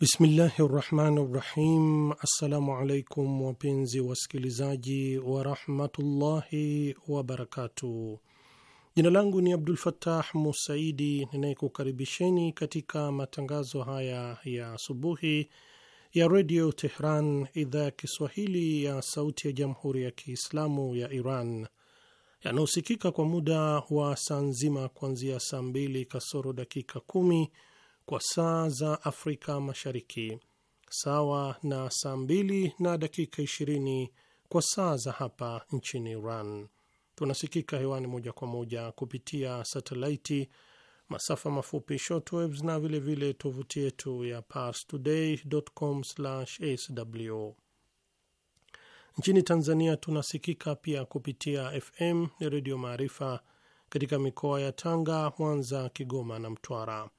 Bismillahi rahmani rahim. Assalamu alaikum wapenzi wasikilizaji warahmatullahi wabarakatuh. Jina langu ni Abdul fatah Musaidi ninayekukaribisheni katika matangazo haya ya asubuhi ya redio Tehran, idhaa ya Kiswahili ya sauti ya jamhuri ya Kiislamu ya Iran yanayosikika kwa muda wa saa nzima kuanzia saa mbili kasoro dakika kumi kwa saa za Afrika Mashariki, sawa na saa mbili na dakika 20 kwa saa za hapa nchini Iran. Tunasikika hewani moja kwa moja kupitia satelaiti, masafa mafupi shortwaves na vilevile tovuti yetu ya parstoday.com/sw. Nchini Tanzania tunasikika pia kupitia FM ni Redio Maarifa katika mikoa ya Tanga, Mwanza, Kigoma na Mtwara.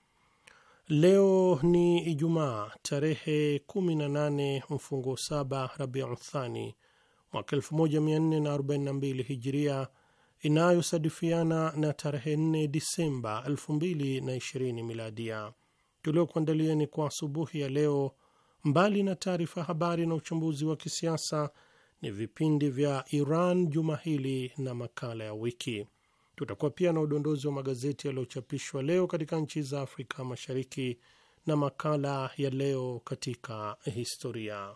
Leo ni Ijumaa tarehe 18 mfungo saba Rabiu Thani mwaka 1442 Hijiria, inayosadifiana na tarehe 4 Disemba 2020 Miladia. ni kwa asubuhi ya leo, mbali na taarifa habari na uchambuzi wa kisiasa, ni vipindi vya Iran juma hili na makala ya wiki Tutakuwa pia na udondozi wa magazeti yaliyochapishwa leo katika nchi za Afrika Mashariki na makala ya leo katika historia.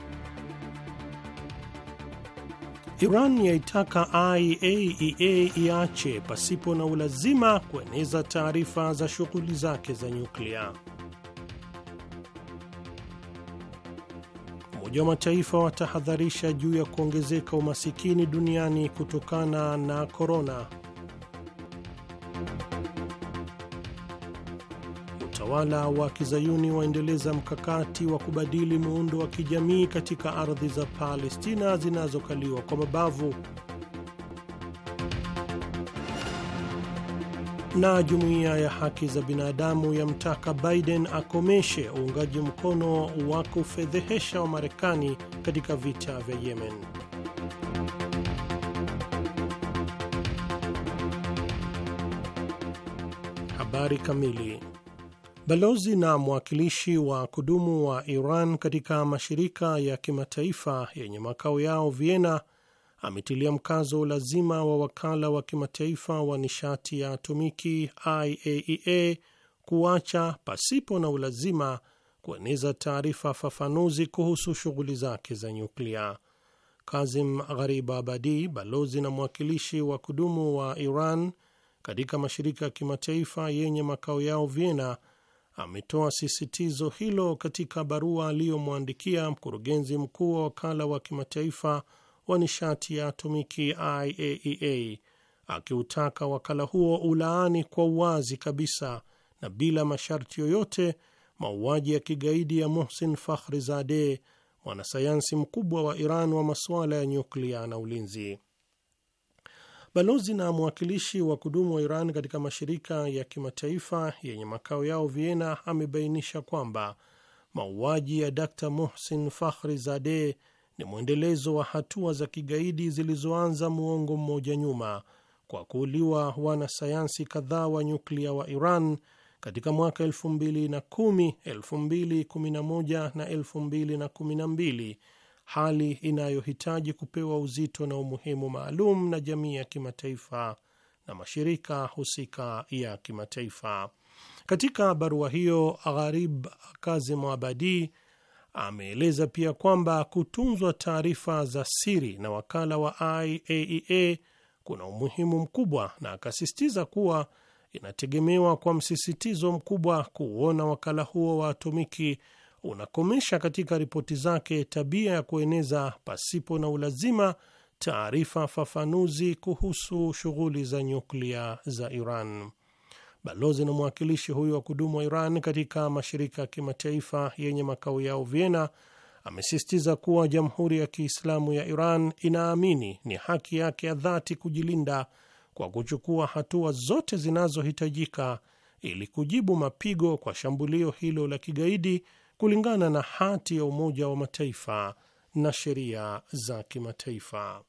Iran yaitaka IAEA e iache pasipo na ulazima kueneza taarifa za shughuli zake za nyuklia. Umoja wa Mataifa watahadharisha juu ya kuongezeka umasikini duniani kutokana na korona. watawala wa kizayuni waendeleza mkakati wa kubadili muundo wa kijamii katika ardhi za Palestina zinazokaliwa kwa mabavu. Na jumuiya ya haki za binadamu yamtaka Biden akomeshe uungaji mkono wa kufedhehesha wa Marekani katika vita vya Yemen. Habari kamili Balozi na mwakilishi wa kudumu wa Iran katika mashirika ya kimataifa yenye makao yao Vienna ametilia mkazo lazima wa wakala wa kimataifa wa nishati ya atomiki IAEA e kuacha pasipo na ulazima kueneza taarifa fafanuzi kuhusu shughuli zake za nyuklia. Kazim abadi balozi na mwakilishi wa kudumu wa Iran katika mashirika ya kimataifa yenye makao yao Vienna, ametoa sisitizo hilo katika barua aliyomwandikia mkurugenzi mkuu wa wakala wa kimataifa wa nishati ya atomiki IAEA e akiutaka wakala huo ulaani kwa uwazi kabisa na bila masharti yoyote mauaji ya kigaidi ya Mohsin Fakhrizadeh, mwanasayansi mkubwa wa Iran wa masuala ya nyuklia na ulinzi. Balozi na mwakilishi wa kudumu wa Iran katika mashirika ya kimataifa yenye makao yao Vienna amebainisha kwamba mauaji ya Dr Mohsin Fakhri zade ni mwendelezo wa hatua za kigaidi zilizoanza muongo mmoja nyuma kwa kuuliwa wanasayansi kadhaa wa nyuklia wa Iran katika mwaka 2010, 2011 na 2012 hali inayohitaji kupewa uzito na umuhimu maalum na jamii ya kimataifa na mashirika husika ya kimataifa. Katika barua hiyo, Gharib Kazim Abadi ameeleza pia kwamba kutunzwa taarifa za siri na wakala wa IAEA e kuna umuhimu mkubwa, na akasisitiza kuwa inategemewa kwa msisitizo mkubwa kuona wakala huo wa atomiki unakomesha katika ripoti zake tabia ya kueneza pasipo na ulazima taarifa fafanuzi kuhusu shughuli za nyuklia za Iran. Balozi na mwakilishi huyo wa kudumu wa Iran katika mashirika ya kimataifa yenye makao yao Vienna amesisitiza kuwa Jamhuri ya Kiislamu ya Iran inaamini ni haki yake ya dhati kujilinda kwa kuchukua hatua zote zinazohitajika ili kujibu mapigo kwa shambulio hilo la kigaidi kulingana na hati ya Umoja wa Mataifa na sheria za kimataifa.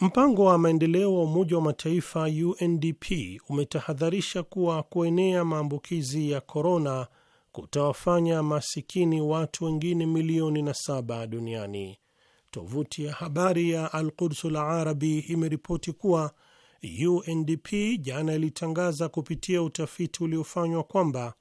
Mpango wa maendeleo wa Umoja wa Mataifa UNDP umetahadharisha kuwa kuenea maambukizi ya korona kutawafanya masikini watu wengine milioni na saba duniani. Tovuti ya habari ya Al Qudsul Arabi imeripoti kuwa UNDP jana ilitangaza kupitia utafiti uliofanywa kwamba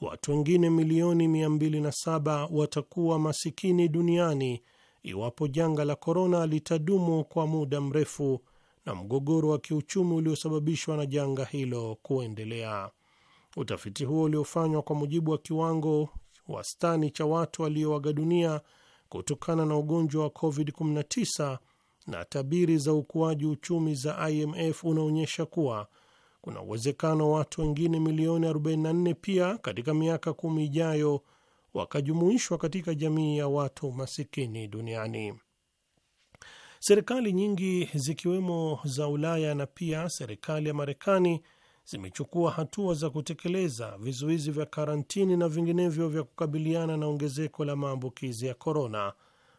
watu wengine milioni 207 watakuwa masikini duniani iwapo janga la korona litadumu kwa muda mrefu na mgogoro wa kiuchumi uliosababishwa na janga hilo kuendelea. Utafiti huo uliofanywa kwa mujibu wa kiwango wastani cha watu walioaga dunia kutokana na ugonjwa wa COVID-19 na tabiri za ukuaji uchumi za IMF unaonyesha kuwa kuna uwezekano wa watu wengine milioni 44 pia katika miaka kumi ijayo wakajumuishwa katika jamii ya watu masikini duniani. Serikali nyingi zikiwemo za Ulaya na pia serikali ya Marekani zimechukua hatua za kutekeleza vizuizi vya karantini na vinginevyo vya kukabiliana na ongezeko la maambukizi ya korona,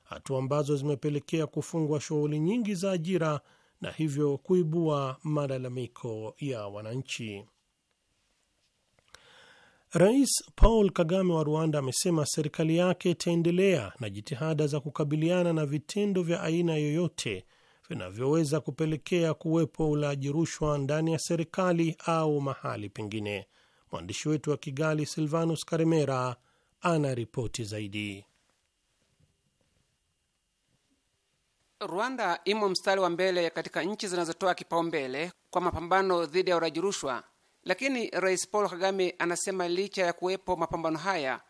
hatua ambazo zimepelekea kufungwa shughuli nyingi za ajira na hivyo kuibua malalamiko ya wananchi. Rais Paul Kagame wa Rwanda amesema serikali yake itaendelea na jitihada za kukabiliana na vitendo vya aina yoyote vinavyoweza kupelekea kuwepo ulaji rushwa ndani ya serikali au mahali pengine. Mwandishi wetu wa Kigali Silvanus Karemera ana ripoti zaidi. Rwanda imo mstari wa mbele katika nchi zinazotoa kipaumbele kwa mapambano dhidi ya uraji rushwa, lakini Rais Paul Kagame anasema licha ya kuwepo mapambano haya,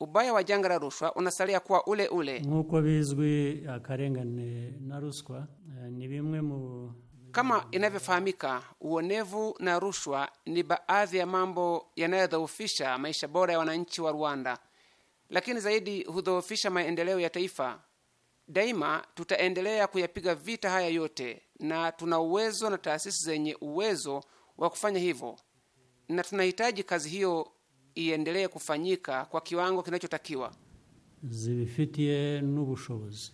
ubaya wa janga la rushwa unasalia kuwa ule ule. Nkuko bizwi akarengane na ruswa eh, ni bimwe mu kama inavyofahamika, uonevu na rushwa ni baadhi ya mambo yanayodhoofisha maisha bora ya wananchi wa Rwanda, lakini zaidi hudhoofisha maendeleo ya taifa. Daima tutaendelea kuyapiga vita haya yote, na tuna uwezo na taasisi zenye uwezo wa kufanya hivyo, na tunahitaji kazi hiyo iendelee kufanyika kwa kiwango kinachotakiwa. zibifitiye n'ubushobozi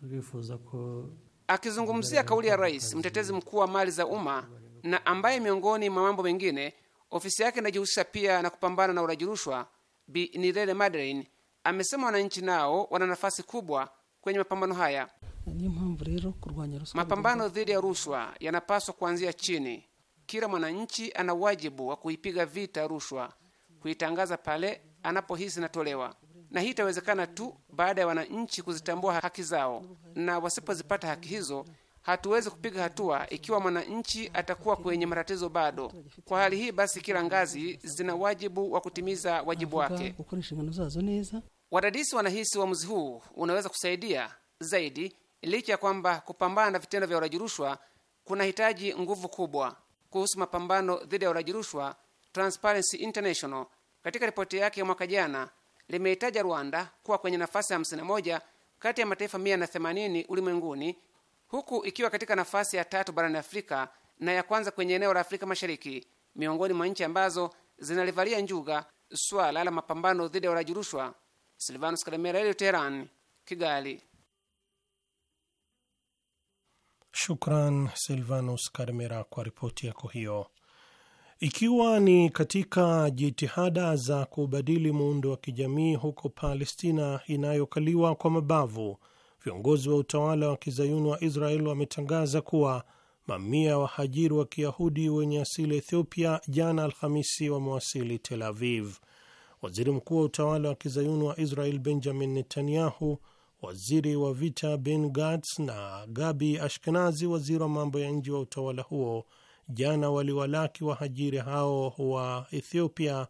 turifuza ko. Akizungumzia kauli ya rais mtetezi mkuu wa mali za umma na ambaye miongoni mwa mambo mengine ofisi yake inajihusisha pia na kupambana na ulaji rushwa, Bi Nirere Madeleine amesema wananchi nao wana nafasi kubwa kwenye mapambano haya. Mapambano dhidi ya rushwa yanapaswa kuanzia chini. Kila mwananchi ana wajibu wa kuipiga vita rushwa, kuitangaza pale anapohisi inatolewa, na hii itawezekana tu baada ya wananchi kuzitambua haki zao, na wasipozipata haki hizo hatuwezi kupiga hatua ikiwa mwananchi atakuwa kwenye matatizo bado. Kwa hali hii basi, kila ngazi zina wajibu wa kutimiza wajibu wake. Wadadisi wanahisi uamuzi huu unaweza kusaidia zaidi, licha ya kwamba kupambana na vitendo vya ulaji rushwa kunahitaji nguvu kubwa. Kuhusu mapambano dhidi ya ulaji rushwa, Transparency International katika ripoti yake ya mwaka jana limehitaja Rwanda kuwa kwenye nafasi ya 51 kati ya mataifa 180 ulimwenguni, huku ikiwa katika nafasi ya tatu barani Afrika na ya kwanza kwenye eneo la Afrika Mashariki, miongoni mwa nchi ambazo zinalivalia njuga swala la mapambano dhidi ya ulaji rushwa. Silvanus Kalemera, Redio Teheran, Kigali. Shukran Silvanus Karmera kwa ripoti yako hiyo. Ikiwa ni katika jitihada za kubadili muundo wa kijamii huko Palestina inayokaliwa kwa mabavu, viongozi wa utawala wa kizayuni wa Israel wametangaza kuwa mamia ya wahajiri wa kiyahudi wenye asili Ethiopia jana Alhamisi wamewasili Tel Aviv waziri mkuu wa utawala wa kizayuni wa Israel Benjamin Netanyahu, waziri wa vita Ben gats na Gabi Ashkenazi, waziri wa mambo ya nje wa utawala huo, jana waliwalaki wahajiri hao wa Ethiopia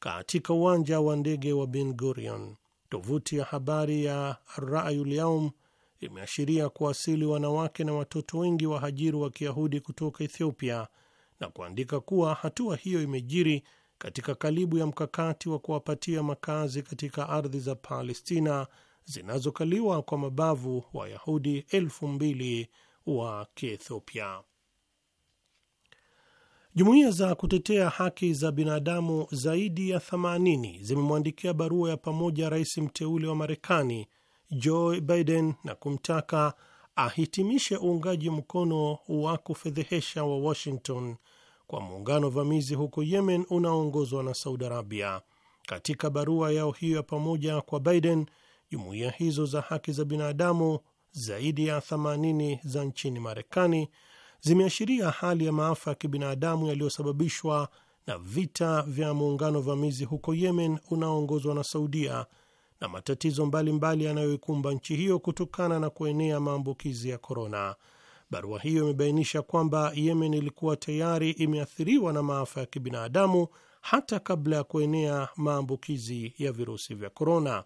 katika uwanja wa ndege wa Ben Gurion. Tovuti ya habari ya Arrayul Yaum imeashiria kuwasili wanawake na watoto wengi wahajiri wa Kiyahudi kutoka Ethiopia na kuandika kuwa hatua hiyo imejiri katika kalibu ya mkakati wa kuwapatia makazi katika ardhi za Palestina zinazokaliwa kwa mabavu Wayahudi elfu mbili wa Kiethiopia. Jumuiya za kutetea haki za binadamu zaidi ya 80 zimemwandikia barua ya pamoja rais mteule wa Marekani Joe Biden na kumtaka ahitimishe uungaji mkono wa kufedhehesha wa Washington kwa muungano vamizi huko Yemen unaoongozwa na Saudi Arabia. Katika barua yao hiyo ya pamoja kwa Biden, jumuiya hizo za haki za binadamu zaidi ya 80 za nchini Marekani zimeashiria hali ya maafa ya kibinadamu yaliyosababishwa na vita vya muungano vamizi huko Yemen unaoongozwa na Saudia na matatizo mbalimbali yanayoikumba nchi hiyo kutokana na kuenea maambukizi ya korona. Barua hiyo imebainisha kwamba Yemen ilikuwa tayari imeathiriwa na maafa ya kibinadamu hata kabla ya kuenea maambukizi ya virusi vya korona.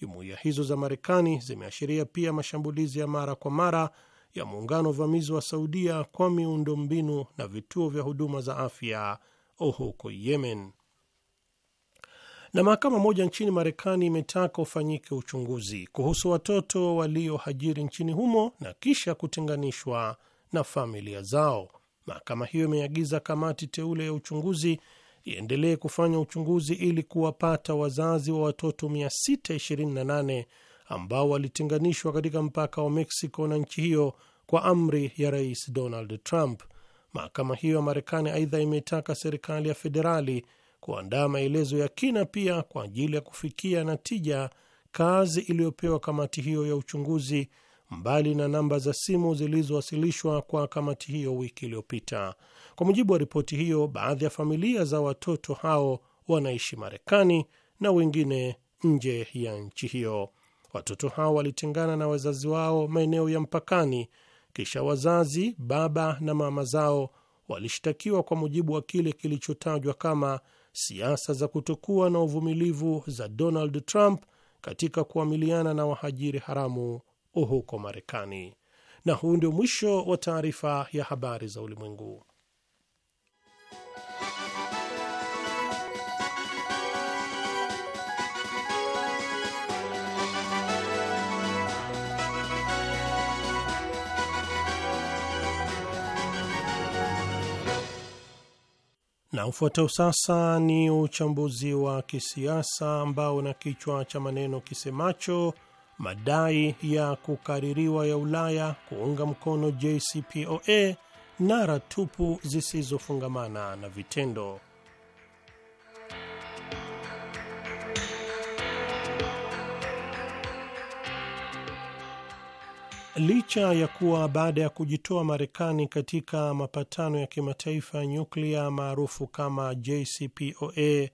Jumuiya hizo za Marekani zimeashiria pia mashambulizi ya mara kwa mara ya muungano uvamizi wa Saudia kwa miundombinu na vituo vya huduma za afya huko Yemen. Na mahakama moja nchini Marekani imetaka ufanyike uchunguzi kuhusu watoto waliohajiri nchini humo na kisha kutenganishwa na familia zao. Mahakama hiyo imeagiza kamati teule ya uchunguzi iendelee kufanya uchunguzi ili kuwapata wazazi wa watoto 628 ambao walitenganishwa katika mpaka wa Mexico na nchi hiyo kwa amri ya Rais Donald Trump. Mahakama hiyo ya Marekani aidha imetaka serikali ya federali kuandaa maelezo ya kina pia kwa ajili ya kufikia natija kazi iliyopewa kamati hiyo ya uchunguzi, mbali na namba za simu zilizowasilishwa kwa kamati hiyo wiki iliyopita. Kwa mujibu wa ripoti hiyo, baadhi ya familia za watoto hao wanaishi Marekani na wengine nje ya nchi hiyo. Watoto hao walitengana na wazazi wao maeneo ya mpakani, kisha wazazi, baba na mama zao, walishtakiwa kwa mujibu wa kile kilichotajwa kama siasa za kutokuwa na uvumilivu za Donald Trump katika kuamiliana na wahajiri haramu huko Marekani. Na huu ndio mwisho wa taarifa ya habari za ulimwengu. Na ufuatao sasa ni uchambuzi wa kisiasa ambao na kichwa cha maneno kisemacho madai ya kukaririwa ya Ulaya kuunga mkono JCPOA, nara tupu zisizofungamana na vitendo. Licha ya kuwa baada ya kujitoa Marekani katika mapatano ya kimataifa ya nyuklia maarufu kama JCPOA,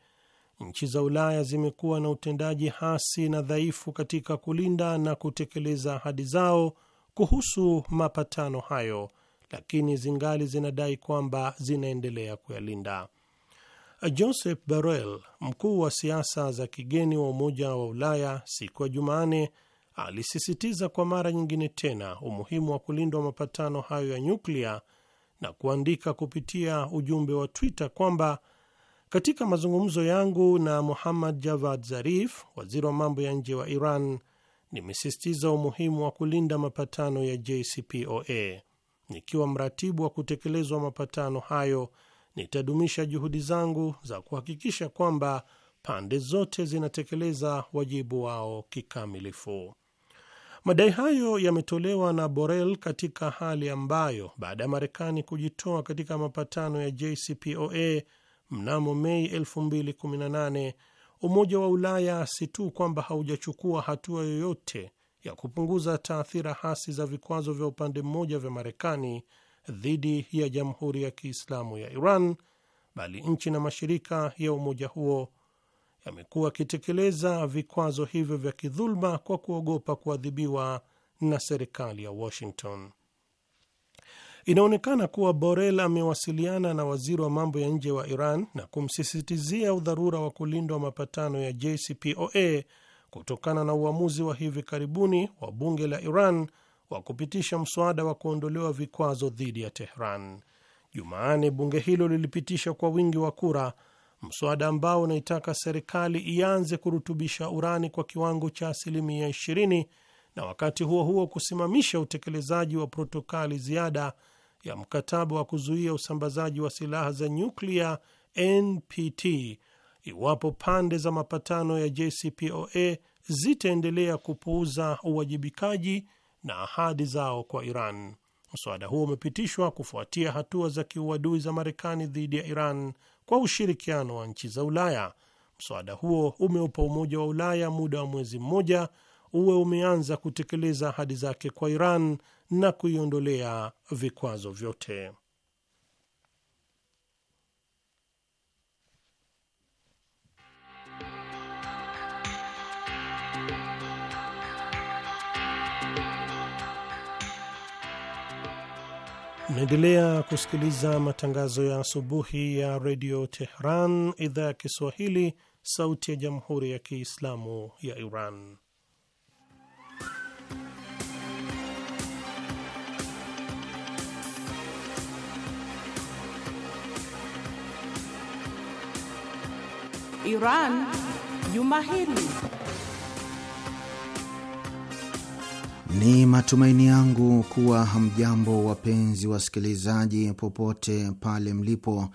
nchi za Ulaya zimekuwa na utendaji hasi na dhaifu katika kulinda na kutekeleza ahadi zao kuhusu mapatano hayo, lakini zingali zinadai kwamba zinaendelea kuyalinda. Joseph Borrell, mkuu wa siasa za kigeni wa Umoja wa Ulaya, siku ya jumanne alisisitiza kwa mara nyingine tena umuhimu wa kulindwa mapatano hayo ya nyuklia na kuandika kupitia ujumbe wa Twitter kwamba katika mazungumzo yangu na Muhammad Javad Zarif, waziri wa mambo ya nje wa Iran, nimesisitiza umuhimu wa kulinda mapatano ya JCPOA. Nikiwa mratibu wa kutekelezwa mapatano hayo, nitadumisha juhudi zangu za kuhakikisha kwamba pande zote zinatekeleza wajibu wao kikamilifu. Madai hayo yametolewa na Borel katika hali ambayo baada ya Marekani kujitoa katika mapatano ya JCPOA mnamo Mei 2018 Umoja wa Ulaya si tu kwamba haujachukua hatua yoyote ya kupunguza taathira hasi za vikwazo vya upande mmoja vya Marekani dhidi ya Jamhuri ya Kiislamu ya Iran, bali nchi na mashirika ya umoja huo yamekuwa akitekeleza vikwazo hivyo vya kidhuluma kwa kuogopa kuadhibiwa na serikali ya Washington. Inaonekana kuwa Borel amewasiliana na waziri wa mambo ya nje wa Iran na kumsisitizia udharura wa kulindwa mapatano ya JCPOA kutokana na uamuzi wa hivi karibuni wa bunge la Iran wa kupitisha mswada wa kuondolewa vikwazo dhidi ya Tehran. Jumaane bunge hilo lilipitisha kwa wingi wa kura mswada ambao unaitaka serikali ianze kurutubisha urani kwa kiwango cha asilimia 20 na wakati huo huo kusimamisha utekelezaji wa protokali ziada ya mkataba wa kuzuia usambazaji wa silaha za nyuklia NPT iwapo pande za mapatano ya JCPOA zitaendelea kupuuza uwajibikaji na ahadi zao kwa Iran. Mswada huo umepitishwa kufuatia hatua za kiuadui za Marekani dhidi ya Iran kwa ushirikiano wa nchi za Ulaya. Mswada huo umeupa Umoja wa Ulaya muda wa mwezi mmoja uwe umeanza kutekeleza ahadi zake kwa Iran na kuiondolea vikwazo vyote. Naendelea kusikiliza matangazo ya asubuhi ya redio Tehran, idhaa ya Kiswahili, sauti ya jamhuri ya kiislamu ya Iran. Iran Juma Hili. Ni matumaini yangu kuwa hamjambo wapenzi wasikilizaji, popote pale mlipo,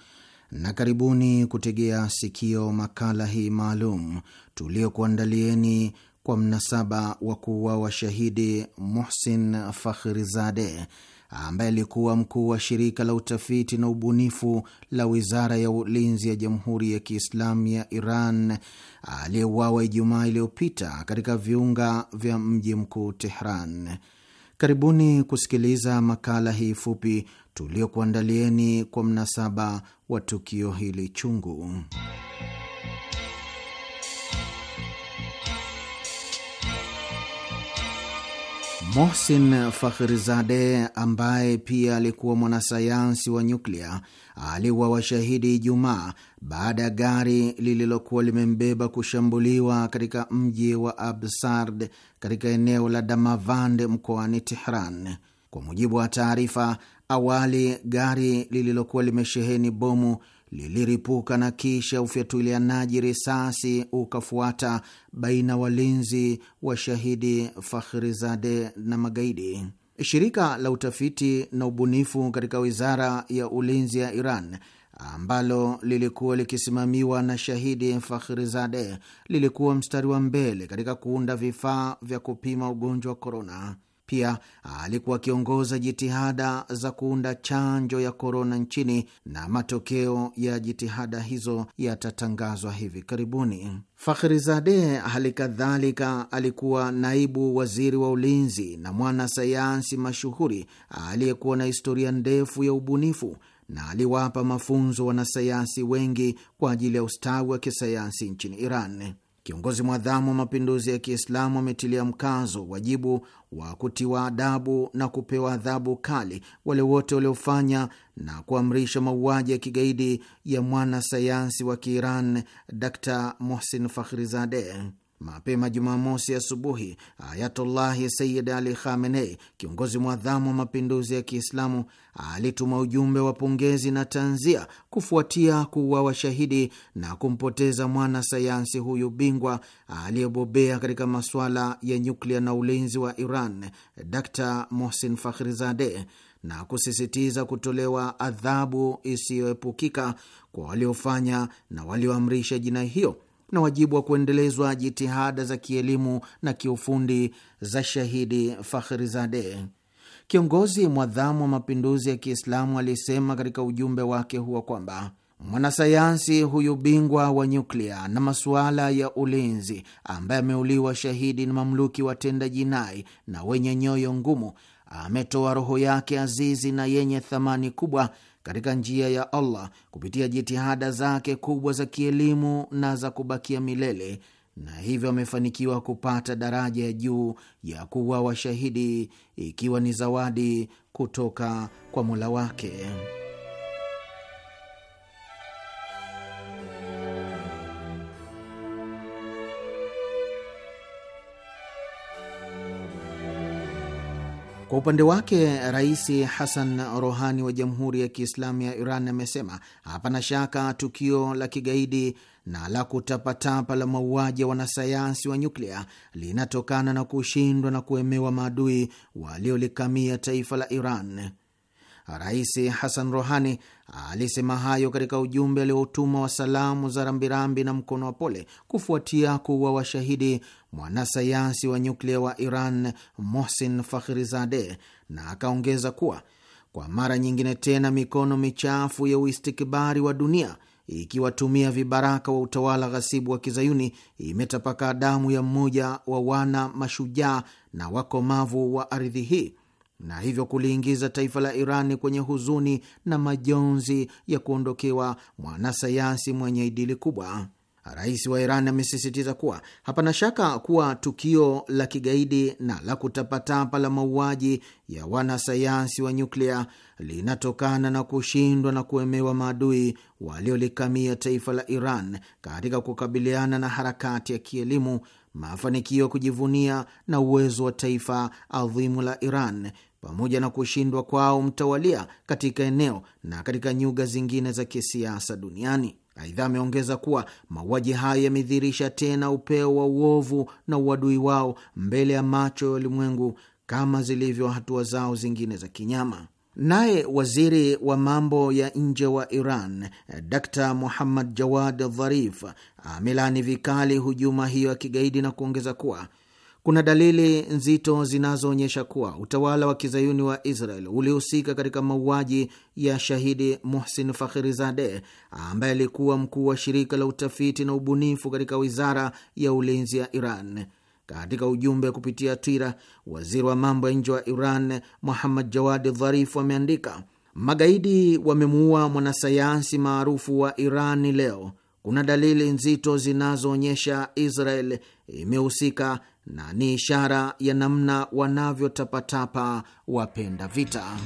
na karibuni kutegea sikio makala hii maalum tuliokuandalieni kwa mnasaba wa kuuawa shahidi Muhsin Fakhrizadeh, ambaye alikuwa mkuu wa shirika la utafiti na ubunifu la wizara ya ulinzi ya Jamhuri ya Kiislamu ya Iran aliyeuawa Ijumaa iliyopita katika viunga vya mji mkuu Tehran. Karibuni kusikiliza makala hii fupi tuliokuandalieni kwa mnasaba wa tukio hili chungu. Mohsin Fakhrizade ambaye pia alikuwa mwanasayansi wa nyuklia aliwa washahidi Ijumaa baada ya gari lililokuwa limembeba kushambuliwa katika mji wa Absard katika eneo la Damavand mkoani Tehran. Kwa mujibu wa taarifa awali, gari lililokuwa limesheheni bomu liliripuka na kisha ufyatulianaji risasi ukafuata baina walinzi wa shahidi Fakhrizade na magaidi. Shirika la utafiti na ubunifu katika wizara ya ulinzi ya Iran ambalo lilikuwa likisimamiwa na shahidi Fakhrizade lilikuwa mstari wa mbele katika kuunda vifaa vya kupima ugonjwa wa korona. Pia alikuwa akiongoza jitihada za kuunda chanjo ya korona nchini na matokeo ya jitihada hizo yatatangazwa hivi karibuni. zade hali kadhalika alikuwa naibu waziri wa ulinzi na mwanasayansi mashuhuri aliyekuwa na historia ndefu ya ubunifu na aliwapa mafunzo wanasayansi wengi kwa ajili ya ustawi wa kisayansi nchini Iran. Kiongozi mwadhamu wa mapinduzi ya Kiislamu ametilia mkazo wajibu wa kutiwa adabu na kupewa adhabu kali wale wote waliofanya na kuamrisha mauaji ya kigaidi ya mwanasayansi wa Kiiran Dr Mohsin Fakhrizadeh. Mapema Jumamosi asubuhi, Ayatullahi Sayid Ali Khamenei, kiongozi mwadhamu wa mapinduzi ya Kiislamu, alituma ujumbe wa pongezi na tanzia kufuatia kuwa washahidi na kumpoteza mwana sayansi huyu bingwa aliyebobea katika masuala ya nyuklia na ulinzi wa Iran, Dr Mohsin Fakhrizadeh, na kusisitiza kutolewa adhabu isiyoepukika kwa waliofanya na walioamrisha jinai hiyo na wajibu wa kuendelezwa jitihada za kielimu na kiufundi za shahidi Fakhrizade. Kiongozi mwadhamu wa mapinduzi ya Kiislamu alisema katika ujumbe wake huo kwamba mwanasayansi huyu bingwa wa nyuklia na masuala ya ulinzi ambaye ameuliwa shahidi na mamluki watenda jinai na wenye nyoyo ngumu ametoa roho yake azizi na yenye thamani kubwa katika njia ya Allah kupitia jitihada zake kubwa za kielimu na za kubakia milele, na hivyo amefanikiwa kupata daraja ya juu ya kuwa washahidi, ikiwa ni zawadi kutoka kwa Mola wake. Kwa upande wake Rais Hassan Rohani wa Jamhuri ya Kiislamu ya Iran amesema hapana shaka tukio la kigaidi na la kutapatapa la mauaji ya wanasayansi wa nyuklia linatokana na kushindwa na kuemewa maadui waliolikamia taifa la Iran. Rais Hassan Rohani alisema hayo katika ujumbe aliotuma wa salamu za rambirambi na mkono wa pole kufuatia kuwa washahidi mwanasayansi wa nyuklia wa Iran Mohsin Fakhrizade, na akaongeza kuwa kwa mara nyingine tena mikono michafu ya uistikibari wa dunia ikiwatumia vibaraka wa utawala ghasibu wa kizayuni imetapaka damu ya mmoja wa wana mashujaa na wakomavu wa ardhi hii na hivyo kuliingiza taifa la Irani kwenye huzuni na majonzi ya kuondokewa mwanasayansi mwenye idili kubwa. Rais wa Iran amesisitiza kuwa hapana shaka kuwa tukio la kigaidi na la kutapatapa la mauaji ya wanasayansi wa nyuklia linatokana na kushindwa na kuemewa maadui waliolikamia taifa la Iran katika kukabiliana na harakati ya kielimu, mafanikio ya kujivunia na uwezo wa taifa adhimu la Iran pamoja na kushindwa kwao mtawalia katika eneo na katika nyuga zingine za kisiasa duniani. Aidha, ameongeza kuwa mauaji hayo yamedhihirisha tena upeo wa uovu na uadui wao mbele ya macho ya ulimwengu kama zilivyo hatua zao zingine za kinyama. Naye waziri wa mambo ya nje wa Iran Dr Muhammad Jawad Dharif amelaani vikali hujuma hiyo ya kigaidi na kuongeza kuwa kuna dalili nzito zinazoonyesha kuwa utawala wa kizayuni wa Israel ulihusika katika mauaji ya shahidi Muhsin Fakhrizadeh ambaye alikuwa mkuu wa shirika la utafiti na ubunifu katika wizara ya ulinzi ya Iran. Katika ujumbe kupitia Twira, waziri wa mambo ya nje wa Iran Muhammad jawad Dharifu ameandika, magaidi wamemuua mwanasayansi maarufu wa iran leo. Kuna dalili nzito zinazoonyesha Israel imehusika na ni ishara ya namna wanavyotapatapa wapenda vita.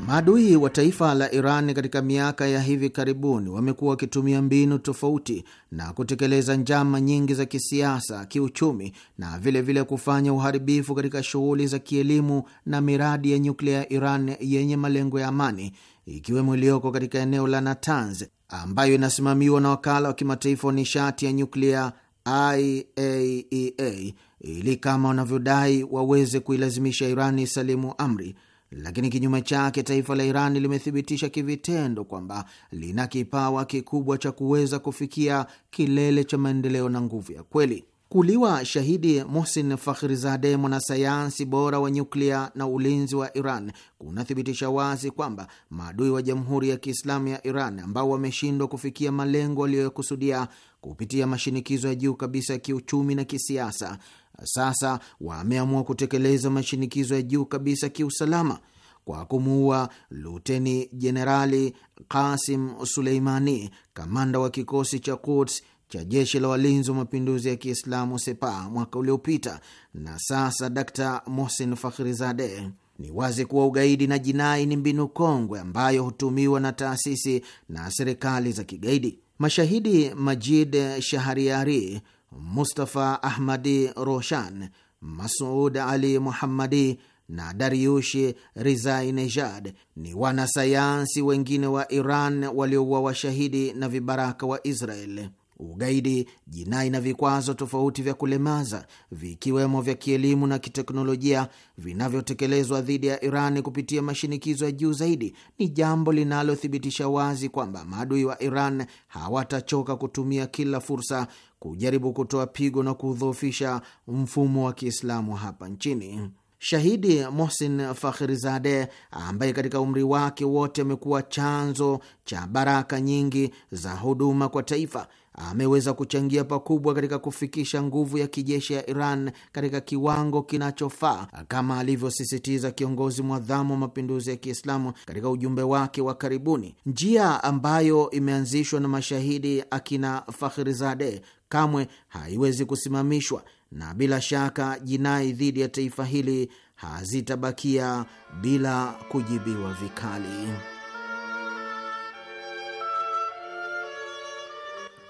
Maadui wa taifa la Iran katika miaka ya hivi karibuni wamekuwa wakitumia mbinu tofauti na kutekeleza njama nyingi za kisiasa, kiuchumi na vilevile vile kufanya uharibifu katika shughuli za kielimu na miradi ya nyuklia ya Iran yenye malengo ya amani, ikiwemo iliyoko katika eneo la Natanz ambayo inasimamiwa na wakala wa kimataifa wa nishati ya nyuklia IAEA e ili kama wanavyodai waweze kuilazimisha Irani salimu amri lakini kinyume chake taifa la Iran limethibitisha kivitendo kwamba lina kipawa kikubwa cha kuweza kufikia kilele cha maendeleo na nguvu ya kweli. Kuliwa shahidi Mohsin Fakhrizade, mwanasayansi bora wa nyuklia na ulinzi wa Iran, kunathibitisha wazi kwamba maadui wa Jamhuri ya Kiislamu ya Iran ambao wameshindwa kufikia malengo waliyokusudia kupitia mashinikizo ya juu kabisa ya kiuchumi na kisiasa sasa wameamua kutekeleza mashinikizo ya juu kabisa kiusalama kwa kumuua luteni jenerali Kasim Suleimani, kamanda wa kikosi cha Quds cha jeshi la walinzi wa mapinduzi ya Kiislamu Sepa mwaka uliopita, na sasa Dr Mohsen Fakhrizade. Ni wazi kuwa ugaidi na jinai ni mbinu kongwe ambayo hutumiwa na taasisi na serikali za kigaidi. Mashahidi Majid Shahariari Mustafa Ahmadi Roshan, Masud Ali Muhammadi na Dariushi Rizai Nejad ni wanasayansi wengine wa Iran waliouwa washahidi na vibaraka wa Israel. Ugaidi, jinai na vikwazo tofauti vya kulemaza vikiwemo vya kielimu na kiteknolojia vinavyotekelezwa dhidi ya Iran kupitia mashinikizo ya juu zaidi ni jambo linalothibitisha wazi kwamba maadui wa Iran hawatachoka kutumia kila fursa kujaribu kutoa pigo na kudhoofisha mfumo wa Kiislamu hapa nchini. Shahidi Mohsin Fakhrizadeh ambaye katika umri wake wote amekuwa chanzo cha baraka nyingi za huduma kwa taifa ameweza kuchangia pakubwa katika kufikisha nguvu ya kijeshi ya Iran katika kiwango kinachofaa, kama alivyosisitiza kiongozi mwadhamu wa mapinduzi ya Kiislamu katika ujumbe wake wa karibuni. Njia ambayo imeanzishwa na mashahidi akina Fakhrizadeh kamwe haiwezi kusimamishwa, na bila shaka jinai dhidi ya taifa hili hazitabakia bila kujibiwa vikali.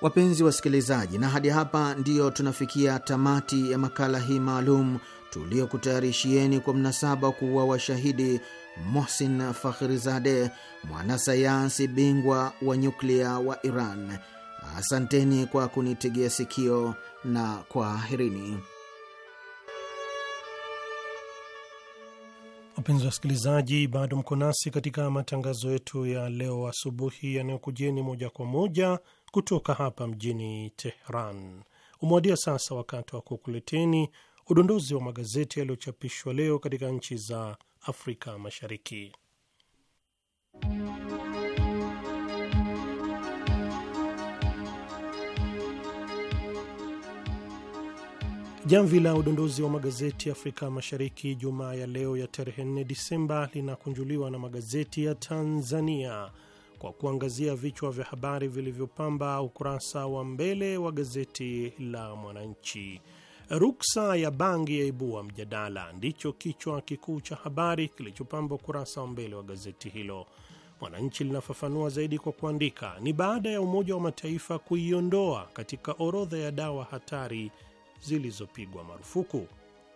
Wapenzi wasikilizaji, na hadi hapa ndiyo tunafikia tamati ya makala hii maalum tuliokutayarishieni kwa mnasaba kuwa washahidi Mohsin Fakhrizadeh, mwanasayansi bingwa wa nyuklia wa Iran. Asanteni kwa kunitegea sikio na kwaherini. Wapenzi wa wasikilizaji, bado mko nasi katika matangazo yetu ya leo asubuhi yanayokujeni moja kwa moja kutoka hapa mjini Tehran. Umewadia sasa wakati wa kukuleteni udondozi wa magazeti yaliyochapishwa leo katika nchi za Afrika Mashariki. Jamvi la udondozi wa magazeti Afrika Mashariki Jumaa ya leo ya tarehe 4 Disemba linakunjuliwa na magazeti ya Tanzania kwa kuangazia vichwa vya habari vilivyopamba ukurasa wa mbele wa gazeti la Mwananchi. Ruksa ya bangi yaibua mjadala, ndicho kichwa kikuu cha habari kilichopamba ukurasa wa mbele wa gazeti hilo. Mwananchi linafafanua zaidi kwa kuandika, ni baada ya Umoja wa Mataifa kuiondoa katika orodha ya dawa hatari zilizopigwa marufuku.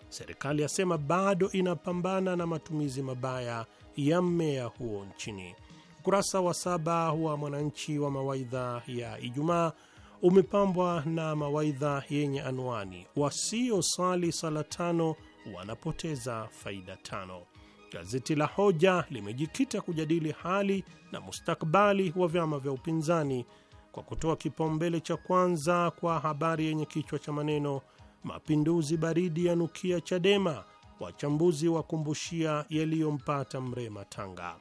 Serikali yasema bado inapambana na matumizi mabaya ya mmea huo nchini. Ukurasa wa saba wa Mwananchi wa mawaidha ya Ijumaa umepambwa na mawaidha yenye anwani, wasiosali sala tano wanapoteza faida tano. Gazeti la Hoja limejikita kujadili hali na mustakabali wa vyama vya upinzani kwa kutoa kipaumbele cha kwanza kwa habari yenye kichwa cha maneno mapinduzi baridi ya nukia Chadema, wachambuzi wakumbushia yaliyompata Mrema Tanga.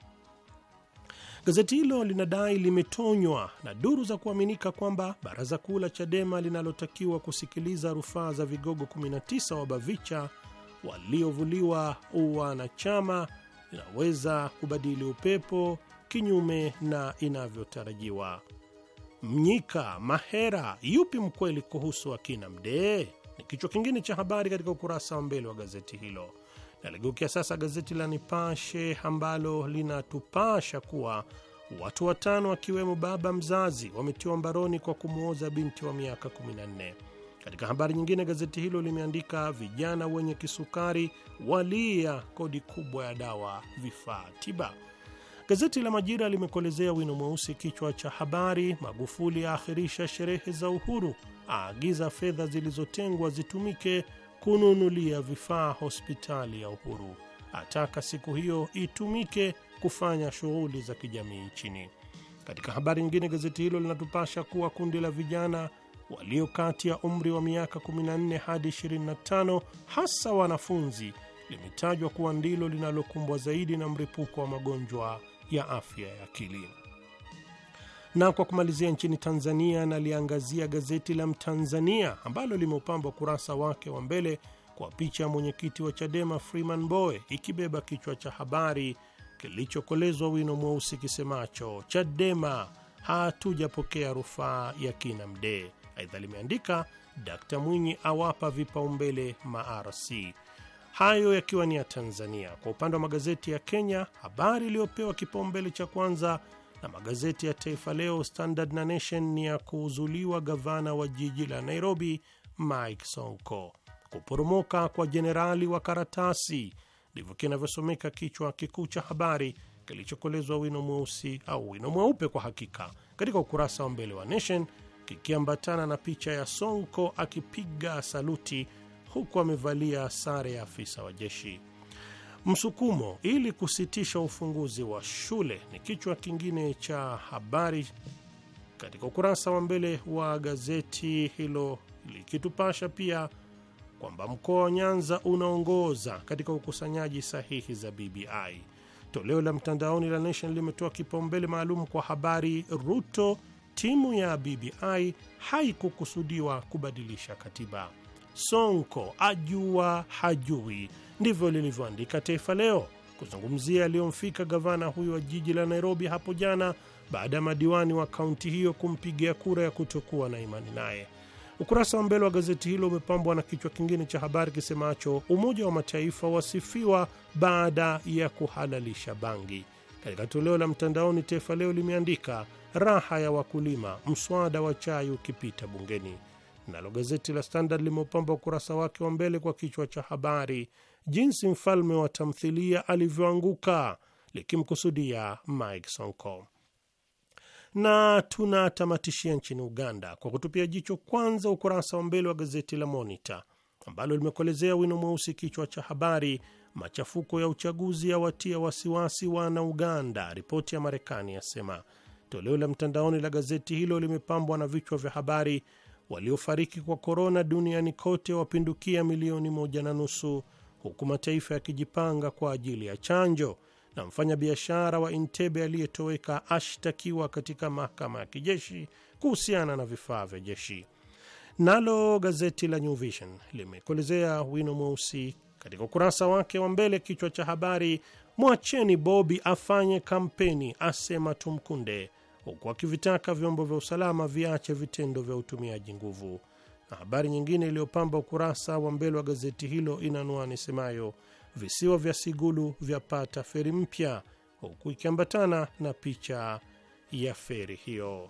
Gazeti hilo linadai limetonywa na duru za kuaminika kwamba baraza kuu la Chadema linalotakiwa kusikiliza rufaa za vigogo 19 wa Bavicha waliovuliwa uwanachama linaweza kubadili upepo kinyume na inavyotarajiwa. Mnyika, Mahera, yupi mkweli kuhusu akina Mdee? Ni kichwa kingine cha habari katika ukurasa wa mbele wa gazeti hilo. Naligeukia sasa gazeti la Nipashe ambalo linatupasha kuwa watu watano akiwemo baba mzazi wametiwa mbaroni kwa kumwoza binti wa miaka 14. Katika habari nyingine, gazeti hilo limeandika vijana wenye kisukari walia kodi kubwa ya dawa vifaa tiba. Gazeti la Majira limekolezea wino mweusi kichwa cha habari, Magufuli aakhirisha sherehe za uhuru, aagiza fedha zilizotengwa zitumike kununulia vifaa hospitali ya Uhuru, ataka siku hiyo itumike kufanya shughuli za kijamii nchini. Katika habari nyingine, gazeti hilo linatupasha kuwa kundi la vijana walio kati ya umri wa miaka 14 hadi 25 hasa wanafunzi limetajwa kuwa ndilo linalokumbwa zaidi na mlipuko wa magonjwa ya afya ya akili. Na kwa kumalizia, nchini Tanzania naliangazia gazeti la Mtanzania ambalo limeupamba ukurasa wake wa mbele kwa picha ya mwenyekiti wa Chadema Freeman Mbowe ikibeba kichwa cha habari kilichokolezwa wino mweusi kisemacho Chadema hatujapokea rufaa ya kina Mdee. Aidha limeandika Dkt Mwinyi awapa vipaumbele marc Hayo yakiwa ni ya Tanzania. Kwa upande wa magazeti ya Kenya, habari iliyopewa kipaumbele cha kwanza na magazeti ya Taifa Leo, Standard na Nation ni ya kuuzuliwa gavana wa jiji la Nairobi Mike Sonko, kuporomoka kwa jenerali wa karatasi, ndivyo kinavyosomeka kichwa kikuu cha habari kilichokolezwa wino mweusi au wino mweupe kwa hakika katika ukurasa wa mbele wa Nation, kikiambatana na picha ya Sonko akipiga saluti huku amevalia sare ya afisa wa jeshi. Msukumo ili kusitisha ufunguzi wa shule ni kichwa kingine cha habari katika ukurasa wa mbele wa gazeti hilo, likitupasha pia kwamba mkoa wa Nyanza unaongoza katika ukusanyaji sahihi za BBI. Toleo la mtandaoni la Nation limetoa kipaumbele maalum kwa habari Ruto, timu ya BBI haikukusudiwa kubadilisha katiba. Sonko ajua hajui, ndivyo lilivyoandika Taifa Leo kuzungumzia aliyomfika gavana huyo wa jiji la Nairobi hapo jana baada ya madiwani wa kaunti hiyo kumpigia kura ya kutokuwa na imani naye. Ukurasa wa mbele wa gazeti hilo umepambwa na kichwa kingine cha habari kisemacho Umoja wa Mataifa wasifiwa baada ya kuhalalisha bangi. Katika toleo la mtandaoni, Taifa Leo limeandika raha ya wakulima, mswada wa chai ukipita bungeni. Nalo gazeti la Standard limeupamba ukurasa wake wa mbele kwa kichwa cha habari, jinsi mfalme wa tamthilia alivyoanguka, likimkusudia Mike Sonko. Na tunatamatishia nchini Uganda kwa kutupia jicho kwanza ukurasa wa mbele wa gazeti la Monitor ambalo limekolezea wino mweusi kichwa cha habari, machafuko ya uchaguzi yawatia wasiwasi wana Uganda, ripoti ya Marekani yasema. Toleo la mtandaoni la gazeti hilo limepambwa na vichwa vya habari waliofariki kwa korona duniani kote wapindukia milioni moja na nusu huku mataifa yakijipanga kwa ajili ya chanjo. Na mfanyabiashara wa Intebe aliyetoweka ashtakiwa katika mahakama ya kijeshi kuhusiana na vifaa vya jeshi. Nalo gazeti la New Vision limekolezea wino mweusi katika ukurasa wake wa mbele, kichwa cha habari, mwacheni Bobi afanye kampeni, asema tumkunde huku akivitaka vyombo vya usalama viache vitendo vya utumiaji nguvu. Na habari nyingine iliyopamba ukurasa wa mbele wa gazeti hilo ina anwani semayo visiwa vya Sigulu vyapata feri mpya, huku ikiambatana na picha ya feri hiyo.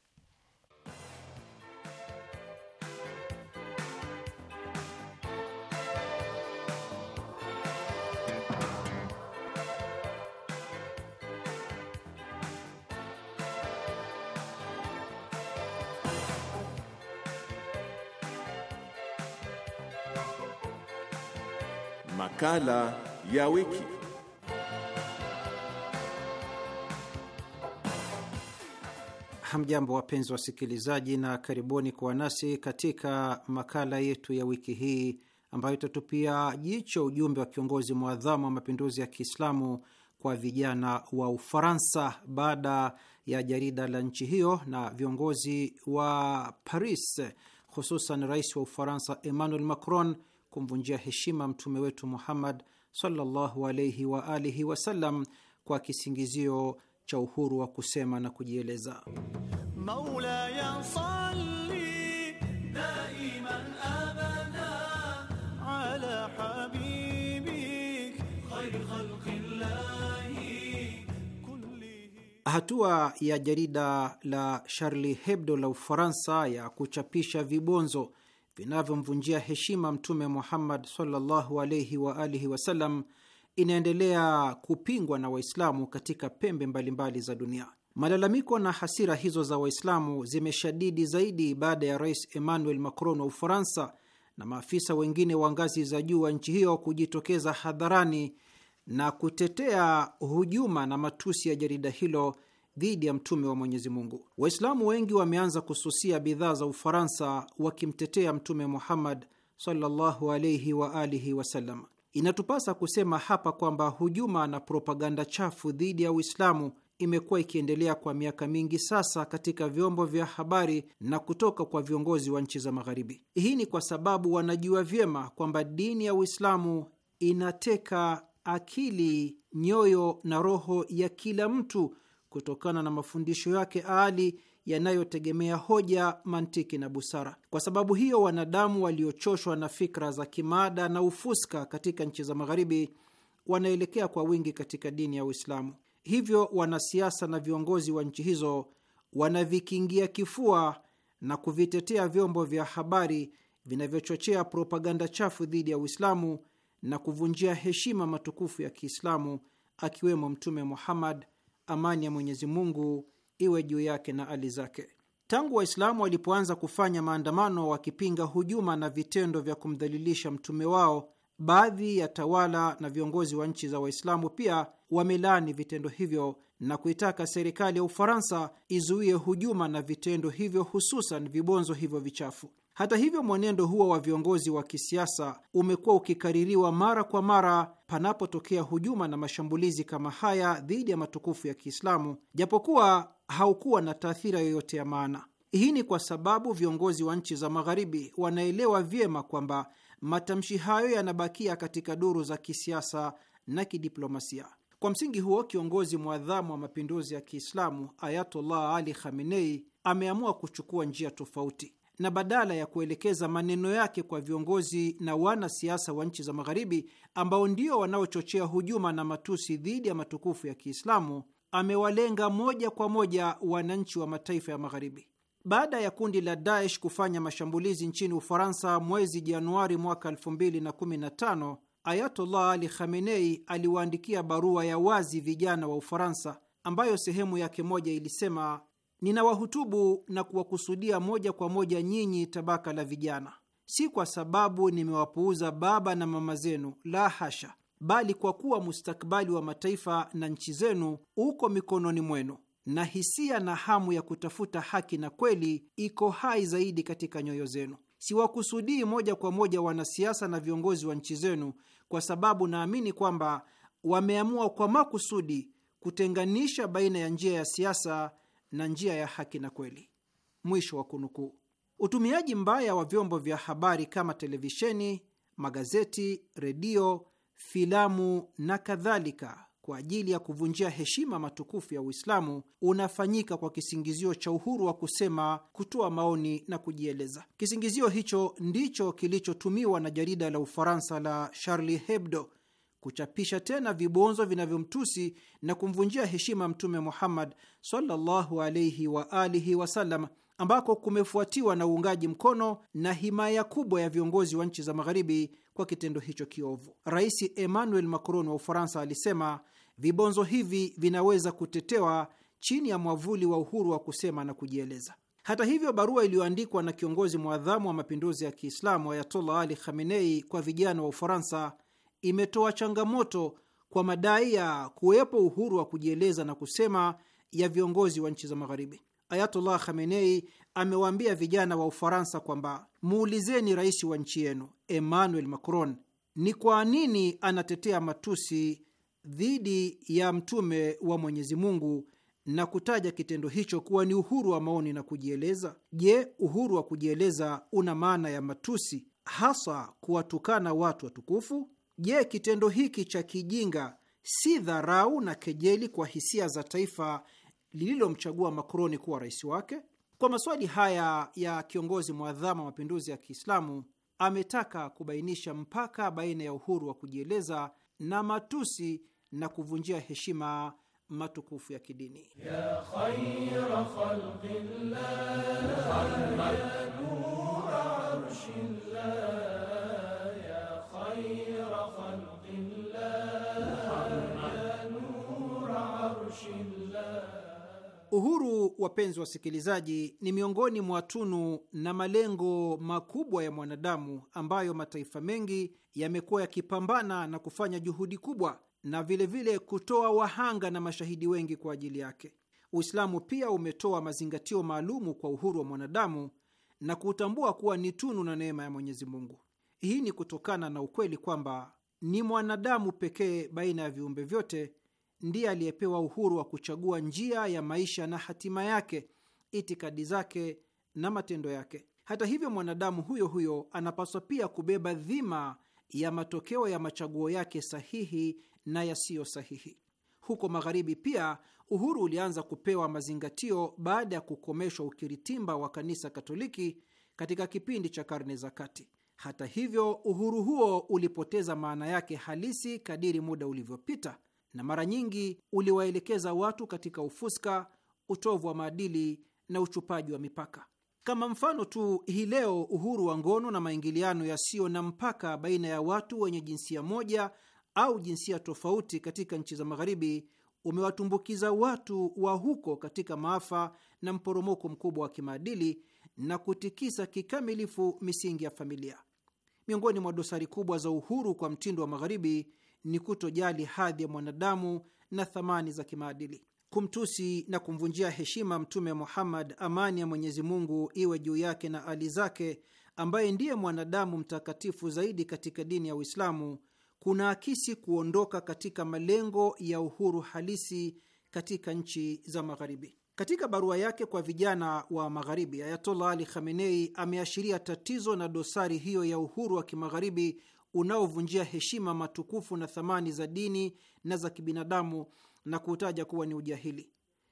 Makala ya wiki. Hamjambo, wapenzi wasikilizaji, na karibuni kuwa nasi katika makala yetu ya wiki hii ambayo itatupia jicho ujumbe wa kiongozi mwadhamu wa mapinduzi ya Kiislamu kwa vijana wa Ufaransa baada ya jarida la nchi hiyo na viongozi wa Paris, hususan rais wa Ufaransa Emmanuel Macron kumvunjia heshima mtume wetu Muhammad sallallahu wa alihi wasallam kwa kisingizio cha uhuru wa kusema na kujieleza. ya salli daiman abada ala habibik khalqillahi kullihi. Hatua ya jarida la Charlie Hebdo la Ufaransa ya kuchapisha vibonzo vinavyomvunjia heshima Mtume Muhammad sallallahu alaihi wa alihi wasallam inaendelea kupingwa na Waislamu katika pembe mbalimbali za dunia. Malalamiko na hasira hizo za Waislamu zimeshadidi zaidi baada ya Rais Emmanuel Macron wa Ufaransa na maafisa wengine wa ngazi za juu wa nchi hiyo kujitokeza hadharani na kutetea hujuma na matusi ya jarida hilo dhidi ya mtume wa Mwenyezi Mungu. Waislamu wengi wameanza kususia bidhaa za Ufaransa wakimtetea Mtume Muhammad sallallahu alayhi wa alihi wasallam. Inatupasa kusema hapa kwamba hujuma na propaganda chafu dhidi ya Uislamu imekuwa ikiendelea kwa miaka mingi sasa katika vyombo vya habari na kutoka kwa viongozi wa nchi za Magharibi. Hii ni kwa sababu wanajua vyema kwamba dini ya Uislamu inateka akili, nyoyo na roho ya kila mtu kutokana na mafundisho yake aali yanayotegemea hoja, mantiki na busara. Kwa sababu hiyo, wanadamu waliochoshwa na fikra za kimaada na ufuska katika nchi za Magharibi wanaelekea kwa wingi katika dini ya Uislamu. Hivyo wanasiasa na viongozi wa nchi hizo wanavikingia kifua na kuvitetea vyombo vya habari vinavyochochea propaganda chafu dhidi ya Uislamu na kuvunjia heshima matukufu ya Kiislamu, akiwemo Mtume Muhammad amani ya Mwenyezi Mungu iwe juu yake na ali zake. Tangu Waislamu walipoanza kufanya maandamano wakipinga hujuma na vitendo vya kumdhalilisha mtume wao, baadhi ya tawala na viongozi wa nchi za Waislamu pia wamelaani vitendo hivyo na kuitaka serikali ya Ufaransa izuie hujuma na vitendo hivyo, hususan vibonzo hivyo vichafu. Hata hivyo, mwenendo huo wa viongozi wa kisiasa umekuwa ukikaririwa mara kwa mara panapotokea hujuma na mashambulizi kama haya dhidi ya matukufu ya Kiislamu, japokuwa haukuwa na taathira yoyote ya maana. Hii ni kwa sababu viongozi wa nchi za Magharibi wanaelewa vyema kwamba matamshi hayo yanabakia katika duru za kisiasa na kidiplomasia. Kwa msingi huo, kiongozi mwadhamu wa mapinduzi ya Kiislamu Ayatollah Ali Khamenei ameamua kuchukua njia tofauti na badala ya kuelekeza maneno yake kwa viongozi na wanasiasa wa nchi za Magharibi ambao ndio wanaochochea hujuma na matusi dhidi ya matukufu ya Kiislamu, amewalenga moja kwa moja wananchi wa mataifa ya Magharibi. Baada ya kundi la Daesh kufanya mashambulizi nchini Ufaransa mwezi Januari mwaka 2015, Ayatollah Ali Khamenei aliwaandikia barua ya wazi vijana wa Ufaransa ambayo sehemu yake moja ilisema ninawahutubu na kuwakusudia moja kwa moja nyinyi tabaka la vijana, si kwa sababu nimewapuuza baba na mama zenu, la hasha, bali kwa kuwa mustakabali wa mataifa na nchi zenu uko mikononi mwenu na hisia na hamu ya kutafuta haki na kweli iko hai zaidi katika nyoyo zenu. Siwakusudii moja kwa moja wanasiasa na viongozi wa nchi zenu, kwa sababu naamini kwamba wameamua kwa makusudi kutenganisha baina ya njia ya siasa na njia ya haki na kweli. Mwisho wa kunukuu. Utumiaji mbaya wa vyombo vya habari kama televisheni, magazeti, redio, filamu na kadhalika kwa ajili ya kuvunjia heshima matukufu ya Uislamu unafanyika kwa kisingizio cha uhuru wa kusema, kutoa maoni na kujieleza. Kisingizio hicho ndicho kilichotumiwa na jarida la Ufaransa la Charlie Hebdo kuchapisha tena vibonzo vinavyomtusi na kumvunjia heshima Mtume Muhammad sallallahu alaihi wa alihi wasallam, ambako kumefuatiwa na uungaji mkono na himaya kubwa ya viongozi wa nchi za magharibi kwa kitendo hicho kiovu. Rais Emmanuel Macron wa Ufaransa alisema vibonzo hivi vinaweza kutetewa chini ya mwavuli wa uhuru wa kusema na kujieleza. Hata hivyo, barua iliyoandikwa na kiongozi mwadhamu wa mapinduzi ya Kiislamu Ayatollah Ali Khamenei kwa vijana wa Ufaransa imetoa changamoto kwa madai ya kuwepo uhuru wa kujieleza na kusema ya viongozi wa nchi za Magharibi. Ayatullah Khamenei amewaambia vijana wa Ufaransa kwamba muulizeni rais wa nchi yenu Emmanuel Macron ni kwa nini anatetea matusi dhidi ya mtume wa Mwenyezi Mungu na kutaja kitendo hicho kuwa ni uhuru wa maoni na kujieleza. Je, uhuru wa kujieleza una maana ya matusi, hasa kuwatukana watu watukufu? Je, kitendo hiki cha kijinga si dharau na kejeli kwa hisia za taifa lililomchagua makroni kuwa rais wake? Kwa maswali haya ya kiongozi mwadhama wa mapinduzi ya Kiislamu, ametaka kubainisha mpaka baina ya uhuru wa kujieleza na matusi na kuvunjia heshima matukufu ya kidini ya Uhuru, wapenzi wasikilizaji, ni miongoni mwa tunu na malengo makubwa ya mwanadamu ambayo mataifa mengi yamekuwa yakipambana na kufanya juhudi kubwa na vilevile vile kutoa wahanga na mashahidi wengi kwa ajili yake. Uislamu pia umetoa mazingatio maalumu kwa uhuru wa mwanadamu na kuutambua kuwa ni tunu na neema ya Mwenyezi Mungu. Hii ni kutokana na ukweli kwamba ni mwanadamu pekee baina ya viumbe vyote ndiye aliyepewa uhuru wa kuchagua njia ya maisha na hatima yake, itikadi zake na matendo yake. Hata hivyo, mwanadamu huyo huyo anapaswa pia kubeba dhima ya matokeo ya machaguo yake sahihi na yasiyo sahihi. Huko Magharibi pia uhuru ulianza kupewa mazingatio baada ya kukomeshwa ukiritimba wa kanisa Katoliki katika kipindi cha karne za kati. Hata hivyo, uhuru huo ulipoteza maana yake halisi kadiri muda ulivyopita, na mara nyingi uliwaelekeza watu katika ufuska, utovu wa maadili na uchupaji wa mipaka. Kama mfano tu, hii leo uhuru wa ngono na maingiliano yasiyo na mpaka baina ya watu wenye jinsia moja au jinsia tofauti katika nchi za Magharibi umewatumbukiza watu wa huko katika maafa na mporomoko mkubwa wa kimaadili na kutikisa kikamilifu misingi ya familia. Miongoni mwa dosari kubwa za uhuru kwa mtindo wa Magharibi ni kutojali hadhi ya mwanadamu na thamani za kimaadili. Kumtusi na kumvunjia heshima Mtume Muhammad, amani ya Mwenyezi Mungu iwe juu yake na ali zake, ambaye ndiye mwanadamu mtakatifu zaidi katika dini ya Uislamu, kuna akisi kuondoka katika malengo ya uhuru halisi katika nchi za Magharibi. Katika barua yake kwa vijana wa Magharibi, Ayatollah Ali Khamenei ameashiria tatizo na dosari hiyo ya uhuru wa kimagharibi unaovunjia heshima matukufu na thamani za dini na za kibinadamu na kuutaja kuwa ni ujahili.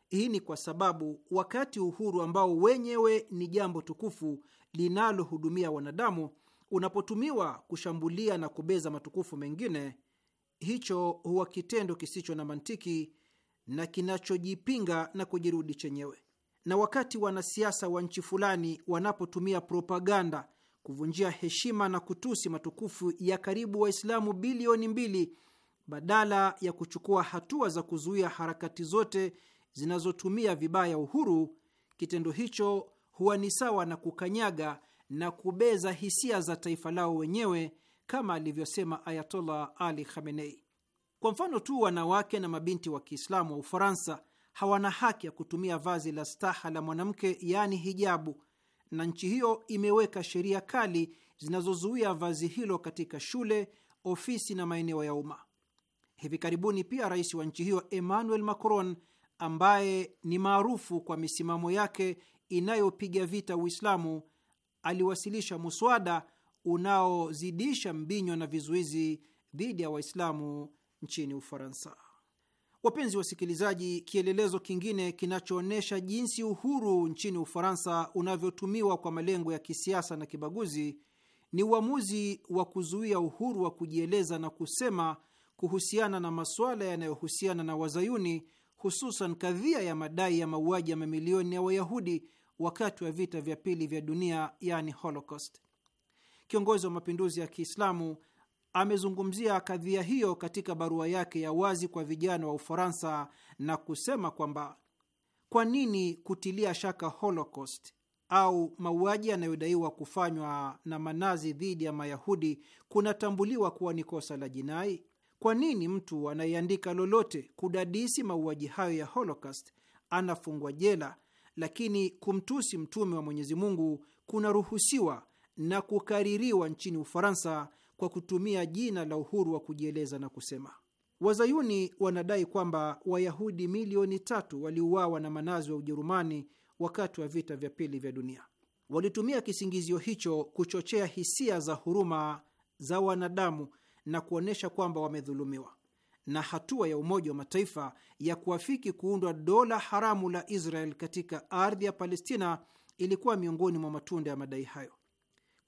Hii ni kwa sababu wakati uhuru ambao wenyewe ni jambo tukufu linalohudumia wanadamu unapotumiwa kushambulia na kubeza matukufu mengine, hicho huwa kitendo kisicho na mantiki na kinachojipinga na kujirudi chenyewe. Na wakati wanasiasa wa nchi fulani wanapotumia propaganda kuvunjia heshima na kutusi matukufu ya karibu Waislamu bilioni mbili badala ya kuchukua hatua za kuzuia harakati zote zinazotumia vibaya uhuru, kitendo hicho huwa ni sawa na kukanyaga na kubeza hisia za taifa lao wenyewe, kama alivyosema Ayatollah Ali Khamenei. Kwa mfano tu, wanawake na mabinti wa Kiislamu wa Ufaransa hawana haki ya kutumia vazi la staha la mwanamke, yaani hijabu, na nchi hiyo imeweka sheria kali zinazozuia vazi hilo katika shule, ofisi na maeneo ya umma. Hivi karibuni pia rais wa nchi hiyo Emmanuel Macron, ambaye ni maarufu kwa misimamo yake inayopiga vita Uislamu, aliwasilisha muswada unaozidisha mbinyo na vizuizi dhidi ya Waislamu nchini Ufaransa. Wapenzi wasikilizaji, kielelezo kingine kinachoonyesha jinsi uhuru nchini Ufaransa unavyotumiwa kwa malengo ya kisiasa na kibaguzi ni uamuzi wa kuzuia uhuru wa kujieleza na kusema kuhusiana na masuala yanayohusiana na Wazayuni, hususan kadhia ya madai ya mauaji ya mamilioni ya Wayahudi wakati wa vita vya pili vya dunia, yani Holocaust. Kiongozi wa mapinduzi ya Kiislamu amezungumzia kadhia hiyo katika barua yake ya wazi kwa vijana wa Ufaransa na kusema kwamba kwa nini kutilia shaka Holocaust au mauaji yanayodaiwa kufanywa na manazi dhidi ya Mayahudi kunatambuliwa kuwa ni kosa la jinai? Kwa nini mtu anayeandika lolote kudadisi mauaji hayo ya Holocaust anafungwa jela, lakini kumtusi mtume wa Mwenyezi Mungu kunaruhusiwa na kukaririwa nchini Ufaransa kwa kutumia jina la uhuru wa kujieleza na kusema. Wazayuni wanadai kwamba Wayahudi milioni tatu waliuawa na manazi wa Ujerumani wakati wa vita vya pili vya dunia. Walitumia kisingizio hicho kuchochea hisia za huruma za wanadamu na kuonyesha kwamba wamedhulumiwa. Na hatua ya Umoja wa Mataifa ya kuafiki kuundwa dola haramu la Israel katika ardhi ya Palestina ilikuwa miongoni mwa matunda ya madai hayo.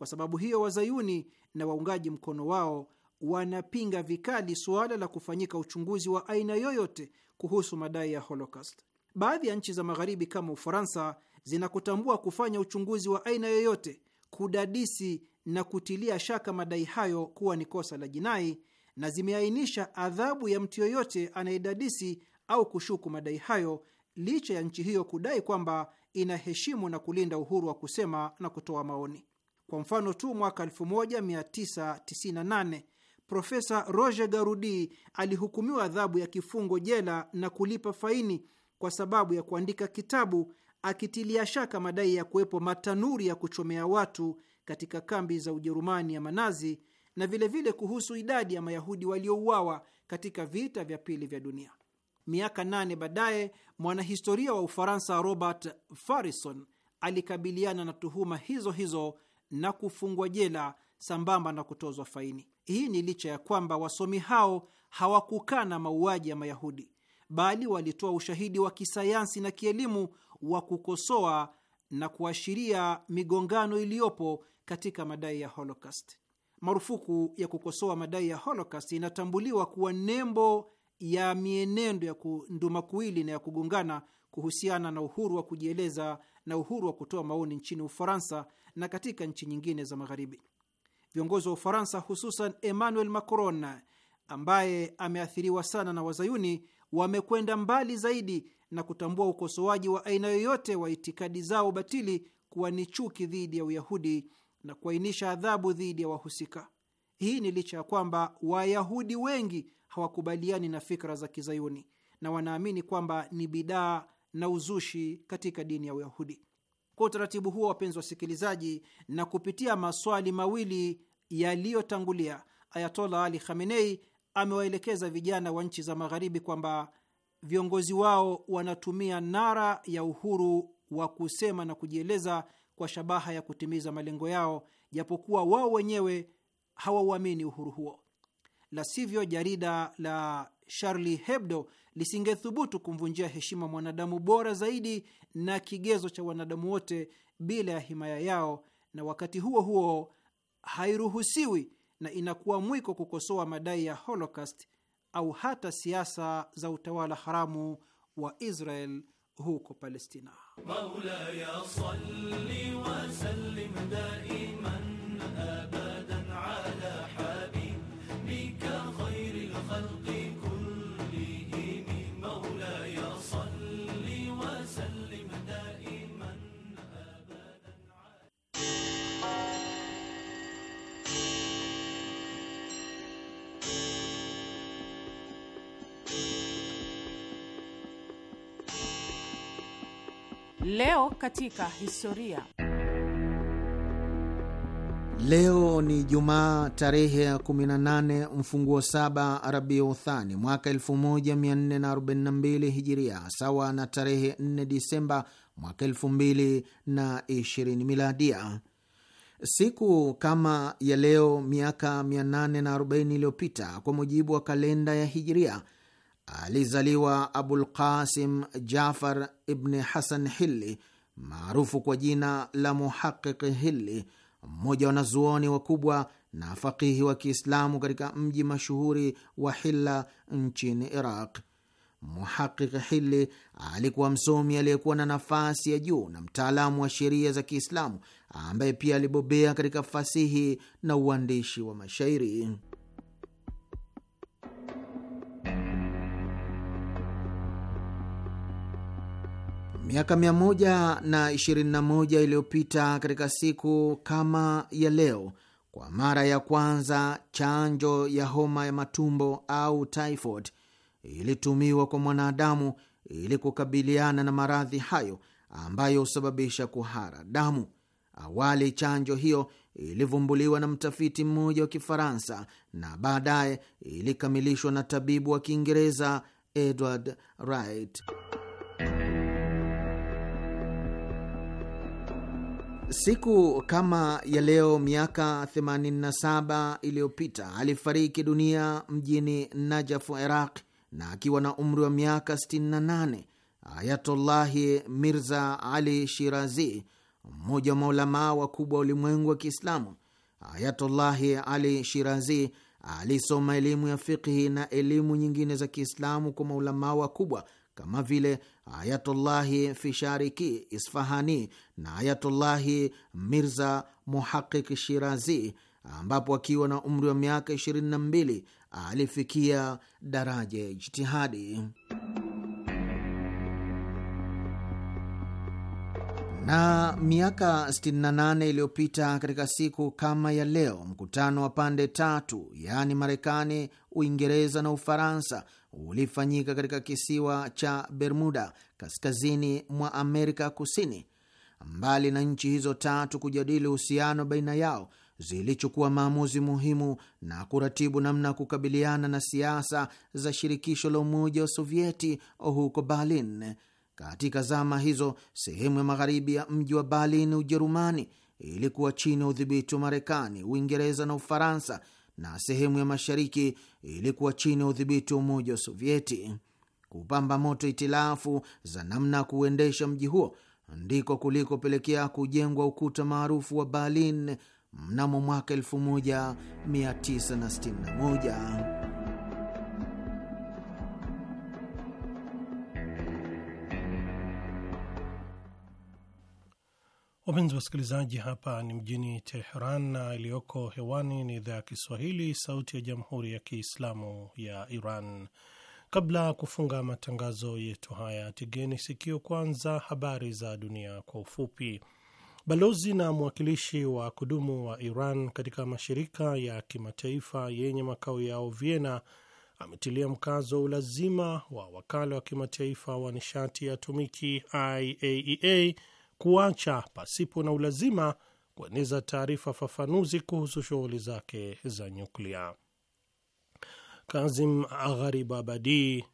Kwa sababu hiyo, wazayuni na waungaji mkono wao wanapinga vikali suala la kufanyika uchunguzi wa aina yoyote kuhusu madai ya Holocaust. Baadhi ya nchi za Magharibi kama Ufaransa zinakutambua kufanya uchunguzi wa aina yoyote, kudadisi na kutilia shaka madai hayo kuwa ni kosa la jinai, na zimeainisha adhabu ya mtu yoyote anayedadisi au kushuku madai hayo, licha ya nchi hiyo kudai kwamba inaheshimu na kulinda uhuru wa kusema na kutoa maoni. Kwa mfano tu mwaka 1998 Profesa Roger Garudi alihukumiwa adhabu ya kifungo jela na kulipa faini kwa sababu ya kuandika kitabu akitilia shaka madai ya kuwepo matanuri ya kuchomea watu katika kambi za Ujerumani ya Manazi na vilevile vile kuhusu idadi ya Mayahudi waliouawa katika vita vya pili vya dunia. Miaka nane baadaye mwanahistoria wa Ufaransa Robert Farison alikabiliana na tuhuma hizo hizo na kufungwa jela sambamba na kutozwa faini. Hii ni licha ya kwamba wasomi hao hawakukana mauaji ya Mayahudi, bali walitoa ushahidi wa kisayansi na kielimu wa kukosoa na kuashiria migongano iliyopo katika madai ya Holocaust. Marufuku ya kukosoa madai ya Holocaust inatambuliwa kuwa nembo ya mienendo ya kundumakuwili na ya kugongana kuhusiana na uhuru wa kujieleza na uhuru wa kutoa maoni nchini Ufaransa na katika nchi nyingine za Magharibi. Viongozi wa Ufaransa, hususan Emmanuel Macron ambaye ameathiriwa sana na Wazayuni, wamekwenda mbali zaidi na kutambua ukosoaji wa aina yoyote wa itikadi zao batili kuwa ni chuki dhidi ya Uyahudi na kuainisha adhabu dhidi ya wahusika. Hii ni licha ya kwamba Wayahudi wengi hawakubaliani na fikra za Kizayuni na wanaamini kwamba ni bidaa na uzushi katika dini ya Uyahudi. Kwa utaratibu huo, wapenzi wasikilizaji, na kupitia maswali mawili yaliyotangulia, Ayatollah Ali Khamenei amewaelekeza vijana wa nchi za Magharibi kwamba viongozi wao wanatumia nara ya uhuru wa kusema na kujieleza kwa shabaha ya kutimiza malengo yao, japokuwa wao wenyewe hawauamini uhuru huo. La sivyo, jarida la Charlie Hebdo lisingethubutu kumvunjia heshima mwanadamu bora zaidi na kigezo cha wanadamu wote bila ya himaya yao, na wakati huo huo hairuhusiwi na inakuwa mwiko kukosoa madai ya Holocaust au hata siasa za utawala haramu wa Israel huko Palestina. Maula ya salli wa sallim daiman Leo katika historia. Leo ni Jumaa tarehe ya 18 mfunguo saba Rabiu Thani mwaka 1442 Hijiria, sawa na tarehe 4 Disemba mwaka 2020 Miladia. Siku kama ya leo miaka 840 iliyopita, kwa mujibu wa kalenda ya Hijiria, alizaliwa Abul Qasim Jafar Ibni Hasan Hilli, maarufu kwa jina la Muhaqiqi Hilli, mmoja wa wanazuoni wakubwa na faqihi wa Kiislamu katika mji mashuhuri wa Hilla nchini Iraq. Muhaqiq Hili alikuwa msomi aliyekuwa na nafasi ya juu na mtaalamu wa sheria za Kiislamu ambaye pia alibobea katika fasihi na uandishi wa mashairi. Miaka 121 iliyopita katika siku kama ya leo, kwa mara ya kwanza chanjo ya homa ya matumbo au typhoid ilitumiwa kwa mwanadamu ili kukabiliana na maradhi hayo ambayo husababisha kuhara damu. Awali chanjo hiyo ilivumbuliwa na mtafiti mmoja wa Kifaransa na baadaye ilikamilishwa na tabibu wa Kiingereza Edward Wright. Siku kama ya leo miaka 87 iliyopita alifariki dunia mjini Najafu, Iraq, na akiwa na umri wa miaka 68 Ayatullahi Mirza Ali Shirazi, mmoja wa maulamaa wakubwa wa ulimwengu wa Kiislamu. Ayatullahi Ali Shirazi alisoma elimu ya fiqhi na elimu nyingine za Kiislamu kwa maulamaa wakubwa kama vile Ayatullahi Fishariki Isfahani na Ayatullahi Mirza Muhaqiq Shirazi, ambapo akiwa na umri wa miaka 22 alifikia daraja ya ijtihadi. Na miaka 68 iliyopita katika siku kama ya leo, mkutano wa pande tatu, yaani Marekani, Uingereza na Ufaransa ulifanyika katika kisiwa cha Bermuda kaskazini mwa Amerika Kusini. Mbali na nchi hizo tatu kujadili uhusiano baina yao, zilichukua maamuzi muhimu na kuratibu namna ya kukabiliana na siasa za shirikisho la Umoja wa Sovieti huko Berlin. Katika zama hizo, sehemu ya magharibi ya mji wa Berlin, Ujerumani, ilikuwa chini ya udhibiti wa Marekani, Uingereza na Ufaransa na sehemu ya mashariki ilikuwa chini ya udhibiti wa Umoja wa Sovieti. Kupamba moto itilafu za namna ya kuuendesha mji huo ndiko kulikopelekea kujengwa ukuta maarufu wa Berlin mnamo mwaka 1961. Wapenzi wasikilizaji, hapa ni mjini Teheran na iliyoko hewani ni idhaa ya Kiswahili, sauti ya jamhuri ya kiislamu ya Iran. Kabla ya kufunga matangazo yetu haya, tigeni sikio kwanza habari za dunia kwa ufupi. Balozi na mwakilishi wa kudumu wa Iran katika mashirika ya kimataifa yenye makao yao Vienna ametilia mkazo ulazima wa wakala wa kimataifa wa nishati ya atomiki IAEA e kuacha pasipo na ulazima kueneza taarifa fafanuzi kuhusu shughuli zake za nyuklia. Kazim Gharibabadi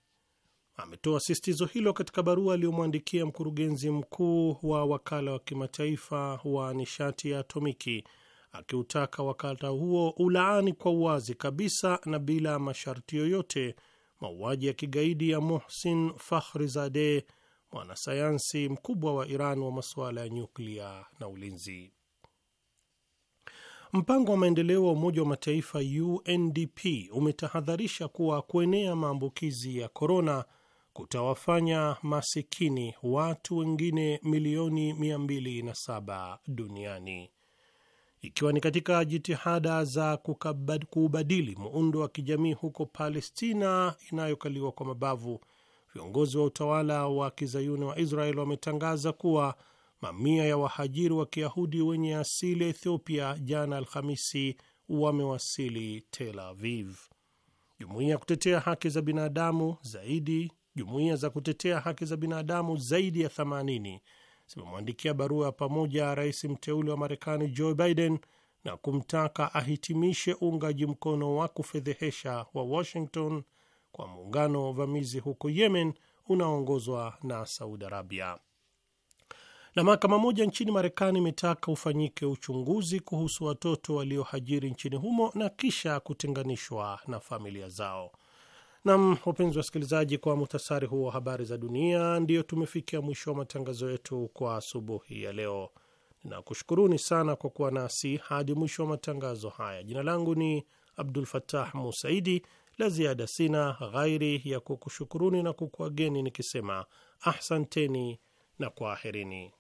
ametoa sisitizo hilo katika barua aliyomwandikia mkurugenzi mkuu wa wakala wa kimataifa wa nishati ya atomiki akiutaka wakala huo ulaani kwa uwazi kabisa na bila masharti yoyote mauaji ya kigaidi ya Mohsin Fakhrizadeh mwanasayansi mkubwa wa Iran wa masuala ya nyuklia na ulinzi. Mpango wa maendeleo wa Umoja wa Mataifa UNDP umetahadharisha kuwa kuenea maambukizi ya korona kutawafanya masikini watu wengine milioni 207 duniani, ikiwa ni katika jitihada za kukabad, kuubadili muundo wa kijamii huko Palestina inayokaliwa kwa mabavu viongozi wa utawala wa kizayuni wa Israel wametangaza kuwa mamia ya wahajiri wa kiyahudi wenye asili ya Ethiopia jana Alhamisi wamewasili Tel Aviv. Jumuiya ya kutetea haki za binadamu zaidi jumuiya za kutetea haki za binadamu zaidi ya 80 zimemwandikia barua ya pamoja rais mteule wa Marekani Joe Biden na kumtaka ahitimishe uungaji mkono wa kufedhehesha wa Washington kwa muungano wa uvamizi huko Yemen unaoongozwa na Saudi Arabia. Na mahakama moja nchini Marekani imetaka ufanyike uchunguzi kuhusu watoto waliohajiri nchini humo na kisha kutenganishwa na familia zao. Nam, wapenzi wasikilizaji, kwa muhtasari huu wa habari za dunia, ndiyo tumefikia mwisho wa matangazo yetu kwa asubuhi ya leo. Ninakushukuruni sana kwa kuwa nasi hadi mwisho wa matangazo haya. Jina langu ni Abdul Fatah Musaidi la ziada sina ghairi ya kukushukuruni na kukuageni nikisema ahsanteni na kwaherini.